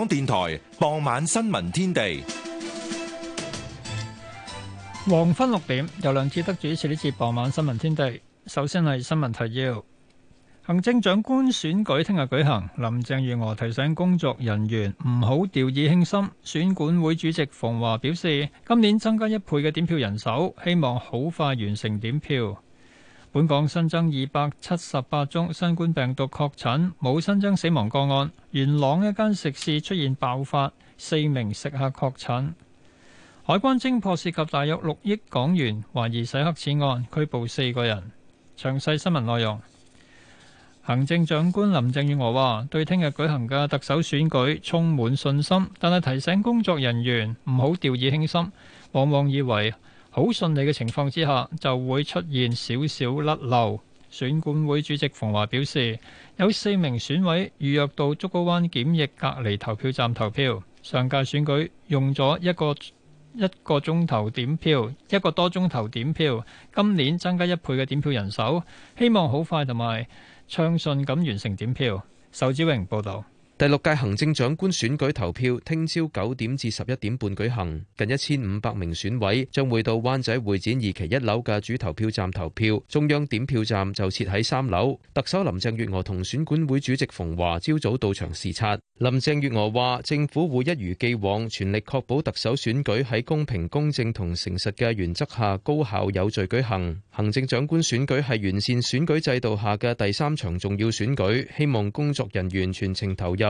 香港電台傍晚新聞天地，黃昏六點由梁志德主持呢次傍晚新聞天地。首先係新聞提要，行政長官選舉聽日舉行，林鄭月娥提醒工作人員唔好掉以輕心。選管會主席馮驊表示，今年增加一倍嘅點票人手，希望好快完成點票。本港新增二百七十八宗新冠病毒確診，冇新增死亡個案。元朗一間食肆出現爆發，四名食客確診。海關偵破涉及大約六億港元，懷疑洗黑錢案，拘捕四個人。詳細新聞內容。行政長官林鄭月娥話：對聽日舉行嘅特首選舉充滿信心，但係提醒工作人員唔好掉以輕心，往往以為。好順利嘅情況之下，就會出現少少甩漏。選管會主席馮華表示，有四名選委預約到竹篙灣檢疫隔離投票站投票。上屆選舉用咗一個一個鐘頭點票，一個多鐘頭點票。今年增加一倍嘅點票人手，希望好快同埋暢順咁完成點票。仇子榮報導。第六屆行政長官選舉投票聽朝九點至十一點半舉行，近一千五百名選委將會到灣仔會展二期一樓嘅主投票站投票，中央點票站就設喺三樓。特首林鄭月娥同選管會主席馮華朝早到場視察。林鄭月娥話：政府會一如既往，全力確保特首選舉喺公平、公正同誠實嘅原則下高效有序舉行。行政長官選舉係完善選舉制度下嘅第三場重要選舉，希望工作人員全程投入。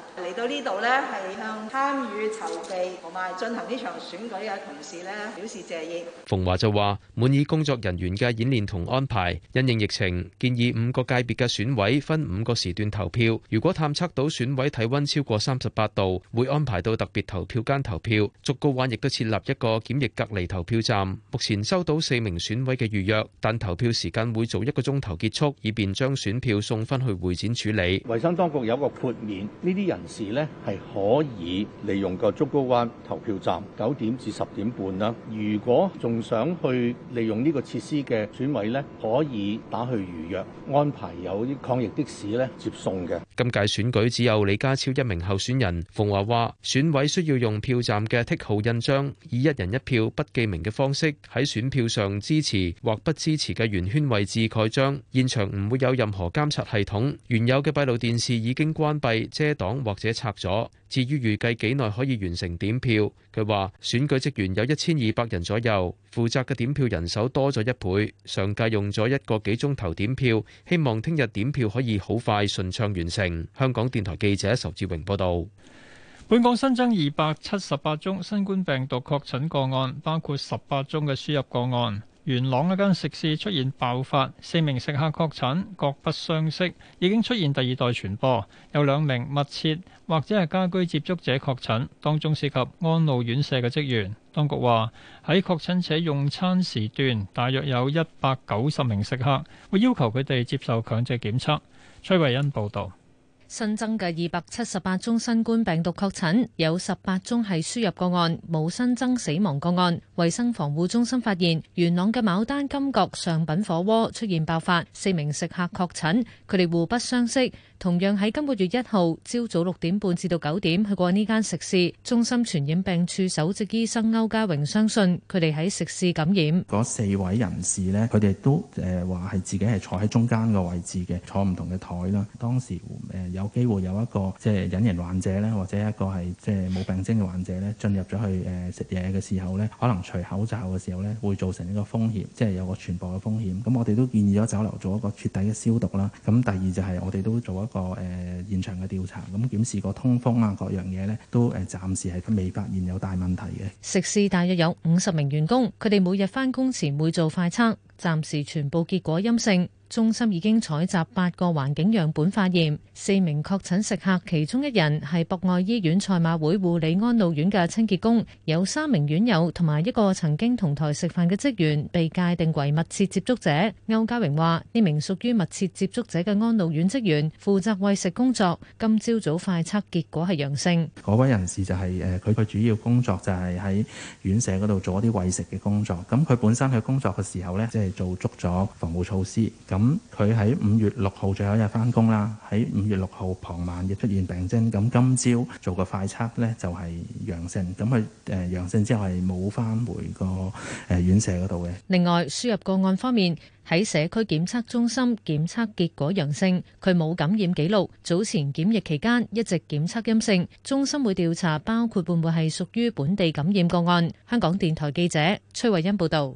嚟到呢度呢係向參與籌備同埋進行呢場選舉嘅同事呢表示謝意。馮華就話：滿意工作人員嘅演練同安排，因應疫情，建議五個界別嘅選委分五個時段投票。如果探測到選委體温超過三十八度，會安排到特別投票間投票。竹篙灣亦都設立一個檢疫隔離投票站。目前收到四名選委嘅預約，但投票時間會早一個鐘頭結束，以便將選票送翻去會展處理。衞生當局有個豁免呢啲人。時呢，係可以利用個竹篙灣投票站九點至十點半啦。如果仲想去利用呢個設施嘅選委呢，可以打去預約安排，有啲抗疫的士呢接送嘅。今屆選舉只有李家超一名候選人。馮華話選委需要用票站嘅剔號印章，以一人一票不記名嘅方式喺選票上支持或不支持嘅圓圈位置蓋章。現場唔會有任何監察系統，原有嘅閉路電視已經關閉遮擋。或。或者拆咗。至於預計幾耐可以完成點票，佢話選舉職員有一千二百人左右，負責嘅點票人手多咗一倍。上屆用咗一個幾鐘頭點票，希望聽日點票可以好快順暢完成。香港電台記者仇志榮報道，本港新增二百七十八宗新冠病毒確診個案，包括十八宗嘅輸入個案。元朗一間食肆出現爆發，四名食客確診，各不相識，已經出現第二代傳播。有兩名密切或者係家居接觸者確診，當中涉及安老院舍嘅職員。當局話喺確診者用餐時段，大約有一百九十名食客，會要求佢哋接受強制檢測。崔慧恩報導。新增嘅二百七十八宗新冠病毒確診，有十八宗係輸入個案，冇新增死亡個案。衛生防護中心發現，元朗嘅牡丹金閣上品火鍋出現爆發，四名食客確診，佢哋互不相識。同樣喺今個月一號朝早六點半至到九點去過呢間食肆，中心傳染病處首席醫生歐家榮相信佢哋喺食肆感染嗰四位人士呢佢哋都誒話係自己係坐喺中間個位置嘅，坐唔同嘅台啦。當時誒有機會有一個即係隱形患者咧，或者一個係即係冇病徵嘅患者咧，進入咗去誒食嘢嘅時候咧，可能除口罩嘅時候咧，會造成呢個風險，即係有個傳播嘅風險。咁我哋都建議咗酒樓做一個徹底嘅消毒啦。咁第二就係我哋都做一個誒現場嘅調查，咁檢視個通風啊各樣嘢咧，都誒暫時係未發現有大問題嘅。食肆大約有五十名員工，佢哋每日翻工前會做快測。暫時全部結果陰性，中心已經採集八個環境樣本化驗，四名確診食客，其中一人係博愛醫院賽馬會護理安老院嘅清潔工，有三名院友同埋一個曾經同台食飯嘅職員被界定為密切接觸者。歐家榮話：呢名屬於密切接觸者嘅安老院職員負責餵食工作，今朝早快測結果係陽性。嗰位人士就係佢，佢主要工作就係喺院舍嗰度做一啲餵食嘅工作，咁佢本身佢工作嘅時候呢。即係。做足咗防護措施，咁佢喺五月六號最後一日翻工啦，喺五月六號傍晚亦出現病徵，咁今朝做個快測呢，就係陽性，咁佢誒陽性之後係冇翻回個誒院舍嗰度嘅。另外輸入個案方面喺社區檢測中心檢測結果陽性，佢冇感染記錄，早前檢疫期間一直檢測陰性，中心會調查包括會唔會係屬於本地感染個案。香港電台記者崔慧欣報導。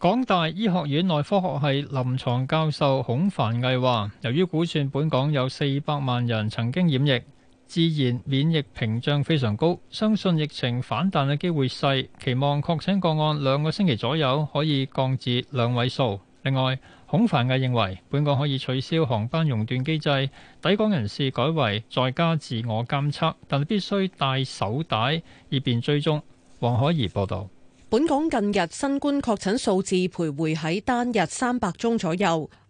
港大醫學院內科學系臨床教授孔凡毅話，由於估算本港有四百萬人曾經染疫，自然免疫屏障非常高，相信疫情反彈嘅機會細，期望確診個案兩個星期左右可以降至兩位數。另外，孔凡毅認為本港可以取消航班熔斷機制，抵港人士改為在家自我監測，但必須戴手帶以便追蹤。黃海怡報道。本港近日新冠確診數字徘徊喺單日三百宗左右。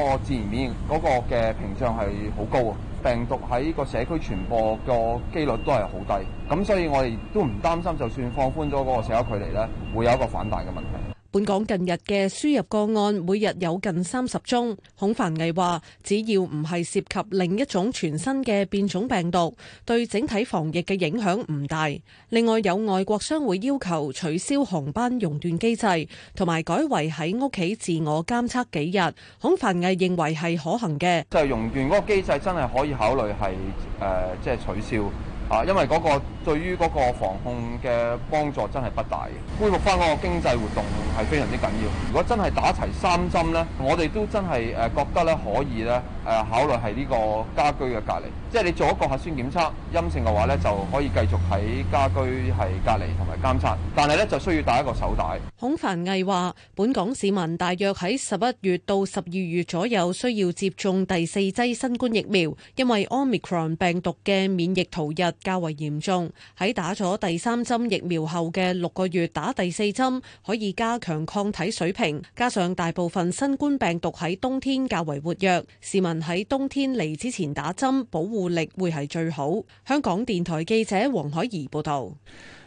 個自然免疫嗰個嘅屏障係好高啊，病毒喺個社區傳播個幾率都係好低，咁所以我哋都唔擔心，就算放寬咗個社交距離咧，會有一個反彈嘅問題。本港近日嘅輸入個案每日有近三十宗，孔繁毅話只要唔係涉及另一種全新嘅變種病毒，對整體防疫嘅影響唔大。另外，有外國商會要求取消航班熔斷機制，同埋改為喺屋企自我監測幾日。孔繁毅認為係可行嘅，就係熔斷嗰個機制真係可以考慮，係誒即係取消。啊，因為嗰個對於嗰個防控嘅幫助真係不大嘅，恢復翻嗰個經濟活動係非常之緊要。如果真係打齊三針呢，我哋都真係誒覺得呢可以呢誒考慮係呢個家居嘅隔離。即係你做一個核酸檢測陰性嘅話呢，就可以繼續喺家居喺隔離同埋監察。但係呢，就需要戴一個手帶。孔繁毅話：本港市民大約喺十一月到十二月左右需要接種第四劑新冠疫苗，因為 Omicron 病毒嘅免疫逃逸較為嚴重。喺打咗第三針疫苗後嘅六個月打第四針，可以加強抗體水平，加上大部分新冠病毒喺冬天較為活躍，市民喺冬天嚟之前打針保護。活力會係最好。香港電台記者黃海怡報道，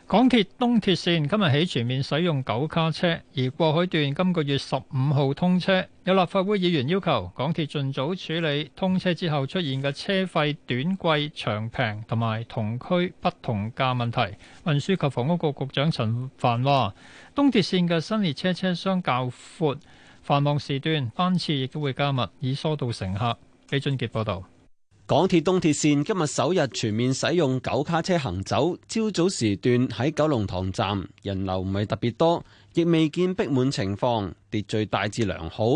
港鐵東鐵線今日起全面使用九卡車，而過海段今個月十五號通車。有立法會議員要求港鐵盡早處理通車之後出現嘅車費短貴長平同埋同區不同價問題。運輸及房屋局局長陳凡話，東鐵線嘅新列車車廂較闊，繁忙時段班次亦都會加密，以疏導乘客。李俊傑報道。港鐵東鐵線今日首日全面使用九卡車行走，朝早時段喺九龍塘站人流唔係特別多，亦未見逼滿情況，秩序大致良好。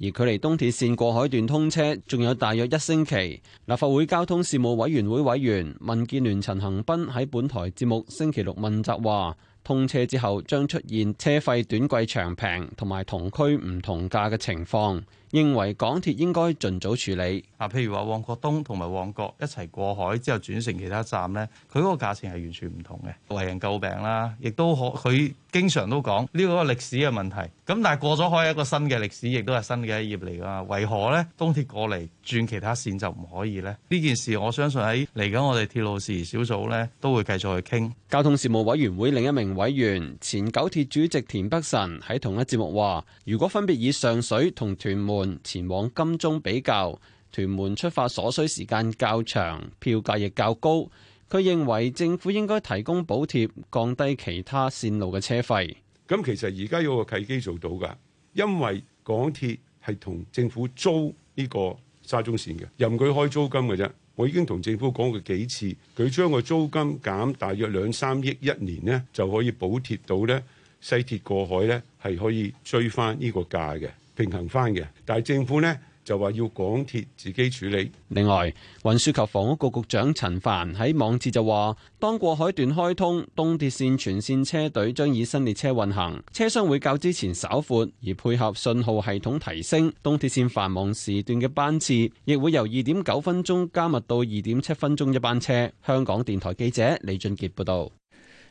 而距離東鐵線過海段通車仲有大約一星期，立法會交通事務委員會委員民建聯陳恒斌喺本台節目星期六問責話：通車之後將出現車費短貴長平同埋同區唔同價嘅情況。認為港鐵應該盡早處理啊，譬如話旺角東同埋旺角一齊過海之後轉乘其他站咧，佢嗰個價錢係完全唔同嘅，為人詬病啦，亦都可佢。經常都講呢個歷史嘅問題，咁但係過咗海係一個新嘅歷史，亦都係新嘅一頁嚟㗎嘛？為何呢，東鐵過嚟轉其他線就唔可以呢？呢件事我相信喺嚟緊，我哋鐵路事宜小組呢都會繼續去傾。交通事務委員會另一名委員前九鐵主席田北辰喺同一節目話，如果分別以上水同屯門前往金鐘比較，屯門出發所需時間較長，票價亦較高。佢認為政府應該提供補貼，降低其他線路嘅車費。咁其實而家有個契機做到㗎，因為港鐵係同政府租呢個沙中線嘅，任佢開租金㗎啫。我已經同政府講過幾次，佢將個租金減大約兩三億一年呢，就可以補貼到咧西鐵過海咧係可以追翻呢個價嘅，平衡翻嘅。但係政府咧。就話要港鐵自己處理。另外，運輸及房屋局局長陳帆喺網誌就話，當過海段開通，東鐵綫全綫車隊將以新列車運行，車廂會較之前稍闊，而配合信號系統提升，東鐵綫繁忙時段嘅班次亦會由二點九分鐘加密到二點七分鐘一班車，香港電台記者李俊杰報道。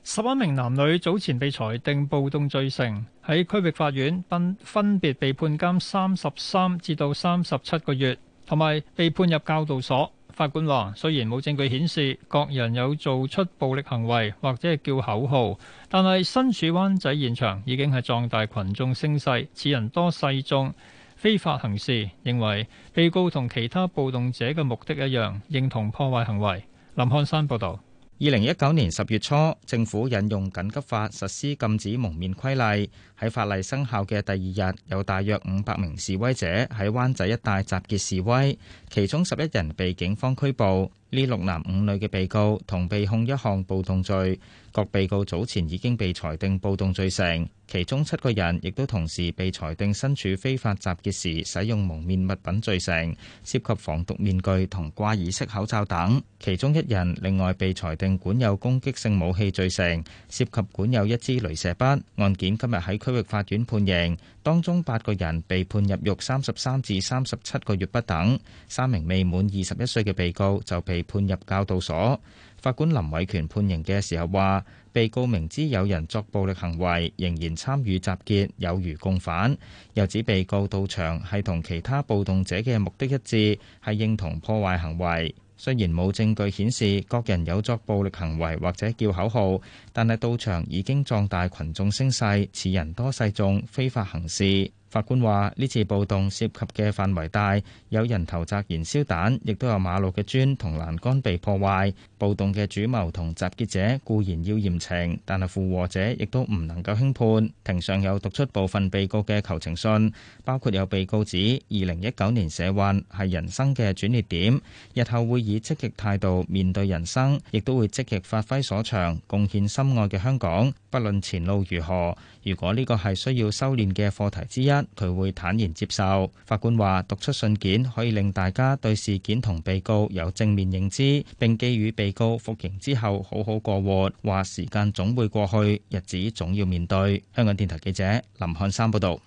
十一名男女早前被裁定暴動罪成，喺區域法院分別被判監三十三至到三十七個月，同埋被判入教導所。法官話：雖然冇證據顯示各人有做出暴力行為或者叫口號，但係身處灣仔現場已經係壯大群眾聲勢，恃人多勢眾，非法行事。認為被告同其他暴動者嘅目的一樣，認同破壞行為。林漢山報道。二零一九年十月初，政府引用緊急法實施禁止蒙面規例，喺法例生效嘅第二日，有大約五百名示威者喺灣仔一帶集結示威，其中十一人被警方拘捕。呢六男五女嘅被告同被控一項暴動罪，各被告早前已經被裁定暴動罪成，其中七個人亦都同時被裁定身處非法集結時使用蒙面物品罪成，涉及防毒面具同掛耳式口罩等。其中一人另外被裁定管有攻擊性武器罪成，涉及管有一支鐳射筆。案件今日喺區域法院判刑。當中八個人被判入獄三十三至三十七個月不等，三名未滿二十一歲嘅被告就被判入教導所。法官林偉權判刑嘅時候話，被告明知有人作暴力行為，仍然參與集結，有如共犯。又指被告到場係同其他暴動者嘅目的一致，係認同破壞行為。雖然冇證據顯示各人有作暴力行為或者叫口號，但係到場已經壯大群眾聲勢，恃人多勢眾，非法行事。法官話：呢次暴動涉及嘅範圍大，有人投擲燃燒彈，亦都有馬路嘅磚同欄杆被破壞。暴動嘅主謀同集結者固然要嚴懲，但係附和者亦都唔能夠輕判。庭上有讀出部分被告嘅求情信，包括有被告指二零一九年社運係人生嘅轉捩點，日後會以積極態度面對人生，亦都會積極發揮所長，貢獻心愛嘅香港。不論前路如何，如果呢個係需要修煉嘅課題之一。佢會坦然接受。法官話讀出信件可以令大家對事件同被告有正面認知，並寄予被告服刑之後好好過活。話時間總會過去，日子總要面對。香港電台記者林漢山報道：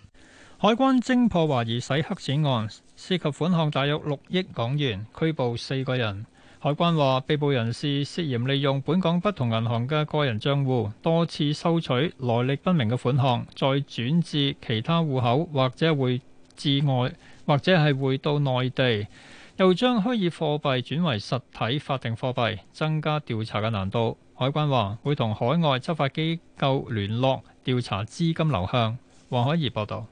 海關偵破懷疑洗黑錢案，涉及款項大約六億港元，拘捕四個人。海關話，被捕人士涉嫌利用本港不同銀行嘅個人賬戶多次收取來歷不明嘅款項，再轉至其他戶口，或者會至外，或者係回到內地，又將虛擬貨幣轉為實體法定貨幣，增加調查嘅難度。海關話會同海外執法機構聯絡調查資金流向。黃海怡報道。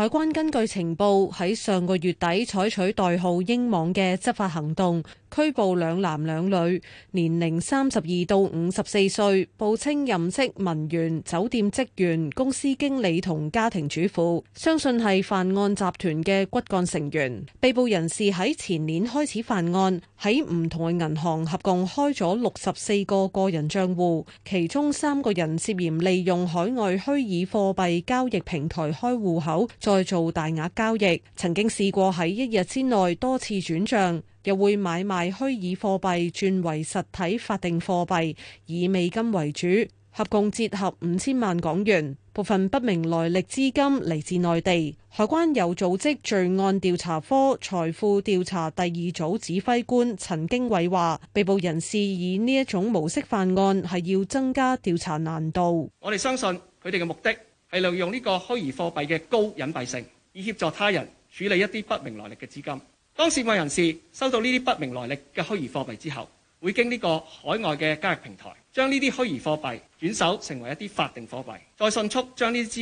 海關根據情報喺上個月底採取代號“英網”嘅執法行動，拘捕兩男兩女，年齡三十二到五十四歲，報稱任職文員、酒店職員、公司經理同家庭主婦，相信係犯案集團嘅骨幹成員。被捕人士喺前年開始犯案，喺唔同嘅銀行合共開咗六十四個個人賬戶，其中三個人涉嫌利用海外虛擬貨幣交易平台開戶口。再做大額交易，曾經試過喺一日之內多次轉賬，又會買賣虛擬貨幣轉為實體法定貨幣，以美金為主，合共折合五千萬港元。部分不明來歷資金嚟自內地。海關有組織罪案調查科，財富調查第二組指揮官陳經偉話，被捕人士以呢一種模式犯案係要增加調查難度。我哋相信佢哋嘅目的，係利用呢個虛擬貨幣嘅高隱蔽性，以協助他人處理一啲不明來歷嘅資金。當涉案人士收到呢啲不明來歷嘅虛擬貨幣之後，會經呢個海外嘅交易平台，將呢啲虛擬貨幣轉手成為一啲法定貨幣，再迅速將呢啲資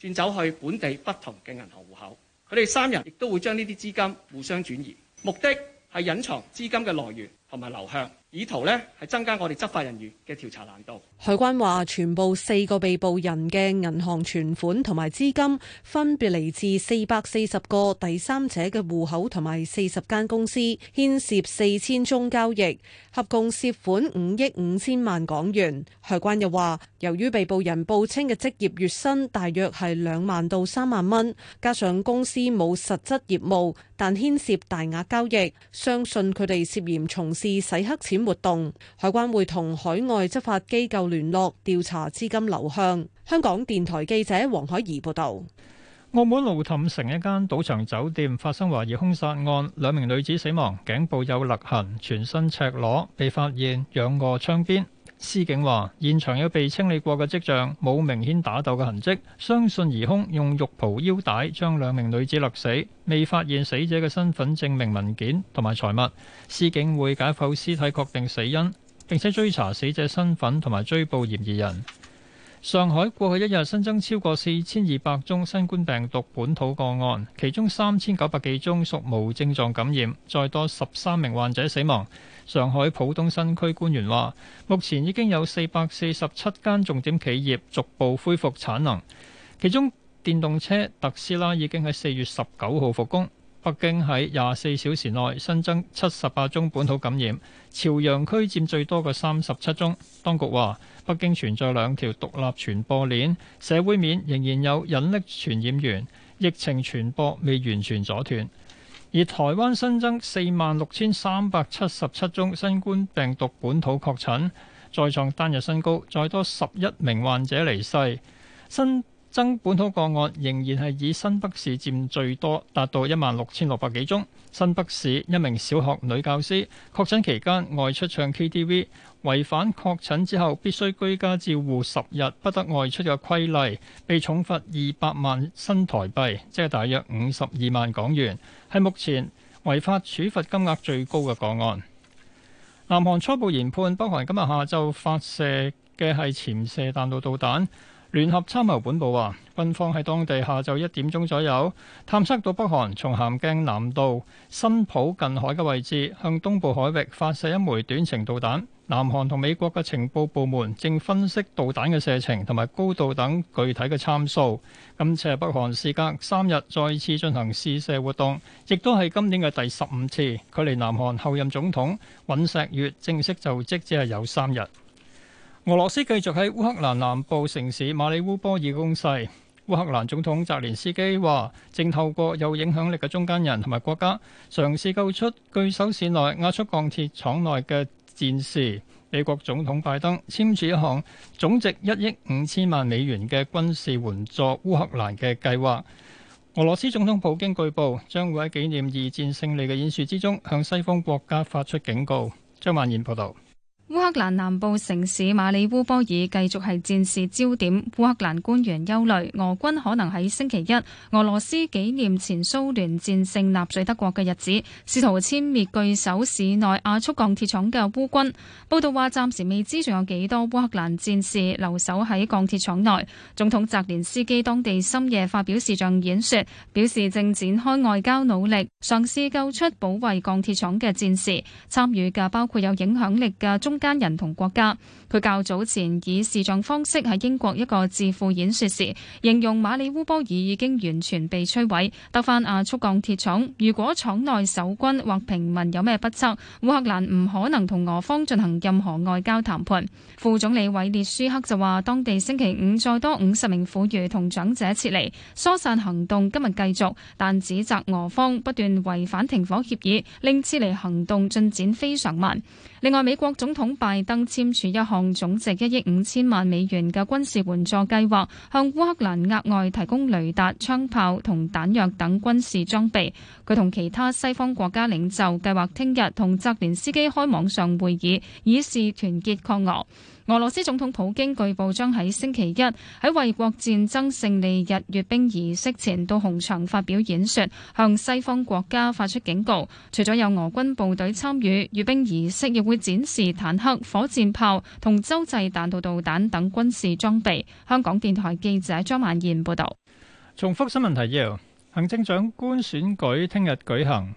金轉走去本地不同嘅銀行戶口。佢哋三人亦都會將呢啲資金互相轉移，目的係隱藏資金嘅來源同埋流向，以圖呢係增加我哋執法人員嘅調查難度。海關話，全部四個被捕人嘅銀行存款同埋資金，分別嚟自四百四十個第三者嘅戶口同埋四十間公司，牽涉四千宗交易，合共涉款五億五千萬港元。海關又話，由於被捕人報稱嘅職業月薪大約係兩萬到三萬蚊，加上公司冇實質業務，但牽涉大額交易，相信佢哋涉嫌從事洗黑錢活動。海關會同海外執法機構，聯絡調查資金流向。香港電台記者黃海怡報道：澳門路氹城一間賭場酒店發生懷疑兇殺案，兩名女子死亡，頸部有勒痕，全身赤裸，被發現仰臥窗邊。司警話，現場有被清理過嘅跡象，冇明顯打鬥嘅痕跡，相信疑兇用浴袍腰帶將兩名女子勒死。未發現死者嘅身份證明文件同埋財物。司警會解剖屍體，確定死因。並且追查死者身份同埋追捕嫌疑人。上海過去一日新增超過四千二百宗新冠病毒本土個案，其中三千九百幾宗屬無症狀感染，再多十三名患者死亡。上海浦東新區官員話，目前已經有四百四十七間重點企業逐步恢復產能，其中電動車特斯拉已經喺四月十九號復工。北京喺廿四小時內新增七十八宗本土感染，朝陽區佔最多嘅三十七宗。當局話，北京存在兩條獨立傳播鏈，社會面仍然有隱匿傳染源，疫情傳播未完全阻斷。而台灣新增四萬六千三百七十七宗新冠病毒本土確診，再創單日新高，再多十一名患者離世。新增本土個案仍然係以新北市佔最多，達到一萬六千六百幾宗。新北市一名小學女教師確診期間外出唱 KTV，違反確診之後必須居家照護十日不得外出嘅規例，被重罰二百萬新台幣，即係大約五十二萬港元，係目前違法處罰金額最高嘅個案。南韓初步研判，北韓今日下晝發射嘅係潛射彈道導彈。聯合參謀本部話，軍方喺當地下晝一點鐘左右探測到北韓從咸鏡南道新浦近海嘅位置向東部海域發射一枚短程導彈。南韓同美國嘅情報部門正分析導彈嘅射程同埋高度等具體嘅參數。今次係北韓事隔三日再次進行試射活動，亦都係今年嘅第十五次。距離南韓候任總統尹錫悅正式就職只係有三日。俄羅斯繼續喺烏克蘭南部城市馬里烏波爾攻勢。烏克蘭總統澤連斯基話，正透過有影響力嘅中間人同埋國家，嘗試救出據守線內、壓縮鋼鐵廠內嘅戰士。美國總統拜登簽署一項總值一億五千萬美元嘅軍事援助烏克蘭嘅計劃。俄羅斯總統普京據報將會喺紀念二戰勝利嘅演說之中，向西方國家發出警告。張萬賢報道。烏克蘭南部城市馬里烏波爾繼續係戰事焦點。烏克蘭官員憂慮俄軍可能喺星期一，俄羅斯紀念前蘇聯戰，戰勝納粹德國嘅日子，試圖殲滅據守市內亞速鋼鐵廠嘅烏軍。報道話暫時未知仲有幾多烏克蘭戰士留守喺鋼鐵廠內。總統澤連斯基當地深夜發表視像演說，表示正展開外交努力，嘗試救出保衛鋼鐵廠嘅戰士。參與嘅包括有影響力嘅中間人同國家，佢較早前以視像方式喺英國一個智庫演說時，形容馬里烏波爾已經完全被摧毀，得翻亞速鋼鐵廠。如果廠內守軍或平民有咩不測，烏克蘭唔可能同俄方進行任何外交談判。副總理韋列舒克就話，當地星期五再多五十名婦孺同長者撤離，疏散行動今日繼續，但指責俄方不斷違反停火協議，令撤離行動進展非常慢。另外，美國總統拜登簽署一項總值一億五千萬美元嘅軍事援助計劃，向烏克蘭額外提供雷達、槍炮同彈藥等軍事裝備。佢同其他西方國家領袖計劃聽日同澤連斯基開網上會議，以示團結抗俄。俄羅斯總統普京據報將喺星期一喺衛國戰爭勝利日閱兵儀式前到紅場發表演說，向西方國家發出警告。除咗有俄軍部隊參與閱兵儀式，亦會展示坦克、火箭炮同洲際彈道導彈等軍事裝備。香港電台記者張曼燕報道。重複新聞提要：行政長官選舉聽日舉行。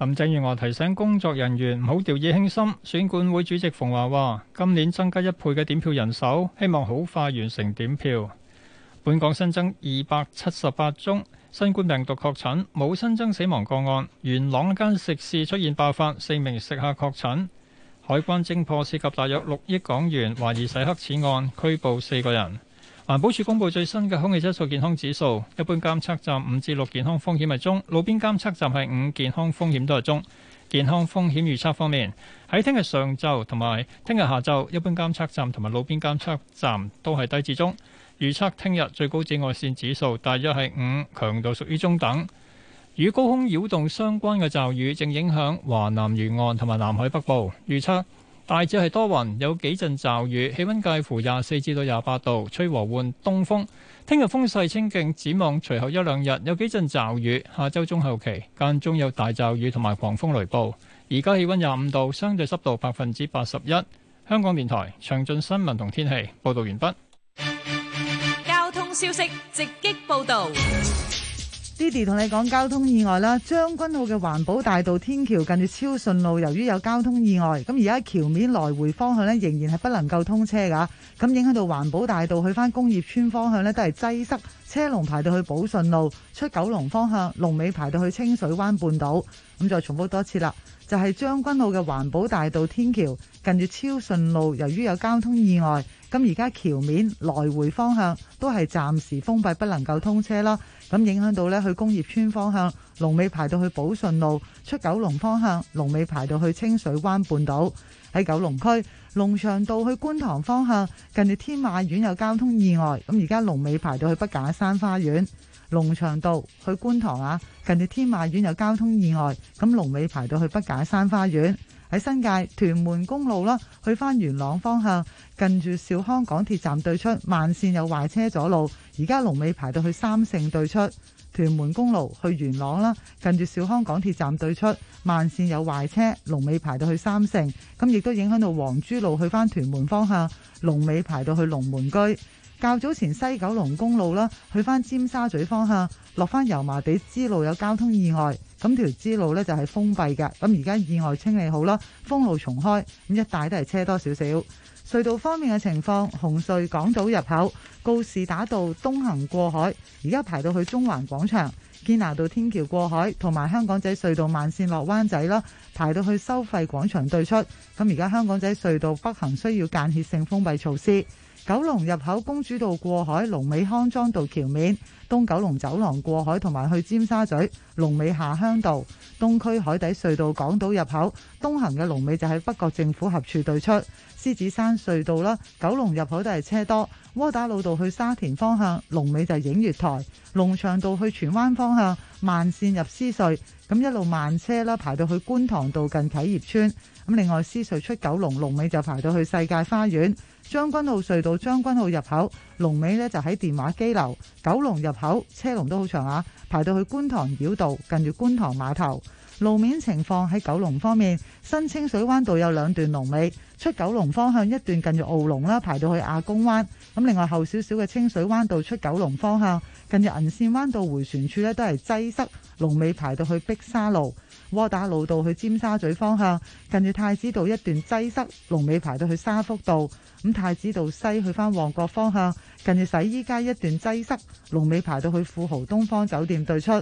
林鄭月娥提醒工作人員唔好掉以輕心。選管會主席馮驊話：今年增加一倍嘅點票人手，希望好快完成點票。本港新增二百七十八宗新冠病毒確診，冇新增死亡個案。元朗一間食肆出現爆發，四名食客確診。海關偵破涉及大約六億港元懷疑洗黑錢案，拘捕四個人。環保署公布最新嘅空氣質素健康指數，一般監測站五至六健康風險係中，路邊監測站係五健康風險都係中。健康風險預測方面，喺聽日上晝同埋聽日下晝，一般監測站同埋路邊監測站都係低至中。預測聽日最高紫外線指數大約係五，強度屬於中等。與高空擾動相關嘅驟雨正影響華南沿岸同埋南海北部，預測。大致係多雲，有幾陣驟雨，氣溫介乎廿四至到廿八度，吹和緩東風。聽日風勢清勁，展望隨後一兩日有幾陣驟雨，下周中後期間中有大驟雨同埋狂風雷暴。而家氣溫廿五度，相對濕度百分之八十一。香港電台詳盡新聞同天氣報道完畢。交通消息直擊報道。Didi 同你講交通意外啦，將軍澳嘅環保大道天橋近住超順路，由於有交通意外，咁而家橋面來回方向呢仍然係不能夠通車㗎，咁影響到環保大道去返工業村方向呢都係擠塞，車龍排到去寶順路，出九龍方向龍尾排到去清水灣半島。咁再重複多次啦，就係將軍澳嘅環保大道天橋近住超順路，由於有交通意外，咁而家橋面來回方向都係暫時封閉，不能夠通車啦。咁影響到呢，去工業村方向龍尾排到去寶順路；出九龍方向龍尾排到去清水灣半島。喺九龍區龍翔道去觀塘方向，近住天馬苑有交通意外。咁而家龍尾排到去北假山花園。龍翔道去觀塘啊，近住天馬苑有交通意外。咁龍尾排到去北假山花園。喺新界屯門公路啦，去返元朗方向，近住兆康港鐵站對出慢線有壞車阻路，而家龍尾排到去三聖對出。屯門公路去元朗啦，近住兆康港鐵站對出慢線有壞車，龍尾排到去三聖，咁亦都影響到黃珠路去返屯門方向，龍尾排到去龍門居。較早前西九龍公路啦，去翻尖沙咀方向，落翻油麻地支路有交通意外。咁條支路呢，就係、是、封閉㗎，咁而家意外清理好啦，封路重開，咁一帶都係車多少少。隧道方面嘅情況，紅隧港島入口、告士打道東行過海，而家排到去中環廣場、堅拿道天橋過海，同埋香港仔隧道慢線落灣仔啦，排到去收費廣場對出。咁而家香港仔隧道北行需要間歇性封閉措施。九龍入口公主道過海、龍尾康莊道橋面、東九龍走廊過海同埋去尖沙咀、龍尾下鄉道、東區海底隧道港島入口、東行嘅龍尾就喺北角政府合處對出、獅子山隧道啦、九龍入口都係車多、窩打老道去沙田方向龍尾就係影月台、龍翔道去荃灣方向慢綫入獅隧，咁一路慢車啦，排到去觀塘道近啟業邨。咁另外，獅隧出九龍龍尾就排到去世界花園，將軍澳隧道將軍澳入口龍尾呢就喺電話機樓，九龍入口車龍都好長啊，排到去觀塘繞道近住觀塘碼頭。路面情況，喺九龍方面，新清水灣道有兩段龍尾出九龍方向，一段近住澳龍啦，排到去亞公灣。咁另外後少少嘅清水灣道出九龍方向近住銀線灣道回旋處呢都係擠塞，龍尾排到去碧沙路。窩打老道去尖沙咀方向，近住太子道一段擠塞，龍尾排到去沙福道；咁太子道西去返旺角方向，近住洗衣街一段擠塞，龍尾排到去富豪東方酒店對出；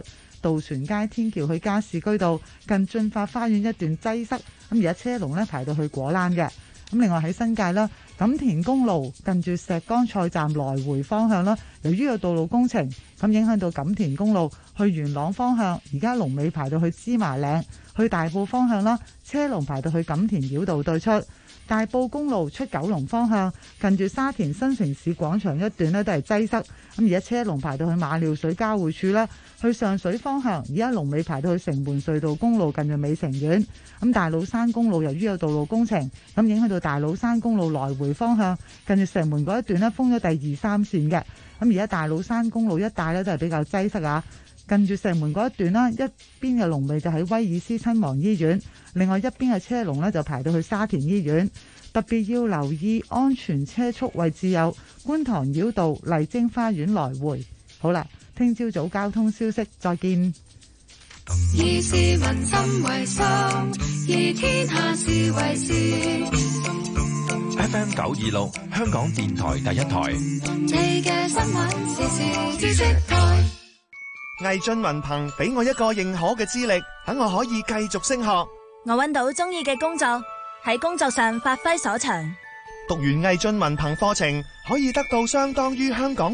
渡船街天橋去加士居道，近俊發花園一段擠塞，咁而家車龍呢排到去果欄嘅；咁另外喺新界啦。錦田公路近住石崗菜站來回方向啦，由於有道路工程，咁影響到錦田公路去元朗方向，而家龍尾排到去芝麻嶺，去大埔方向啦，車龍排到去錦田繞道對出，大埔公路出九龍方向，近住沙田新城市廣場一段咧，都係擠塞，咁而家車龍排到去馬料水交匯處啦。去上水方向，而家龍尾排到去城門隧道公路近住美城苑。咁大老山公路由於有道路工程，咁影響到大老山公路來回方向近住城門嗰一段呢，封咗第二三線嘅。咁而家大老山公路一帶呢，都係比較擠塞啊！近住城門嗰一段呢，一邊嘅龍尾就喺威爾斯親王醫院，另外一邊嘅車龍呢，就排到去沙田醫院。特別要留意安全車速位置有觀塘繞道麗晶花園來回。好啦。聽朝早交通消息，再見。以市民心為心，以天下事為事。F M 九二六，香港電台第一台。你嘅新聞時事知識台。毅進文憑俾我一個認可嘅資歷，等我可以繼續升學。我揾到中意嘅工作，喺工作上發揮所長。讀完毅進文憑課程，可以得到相當於香港。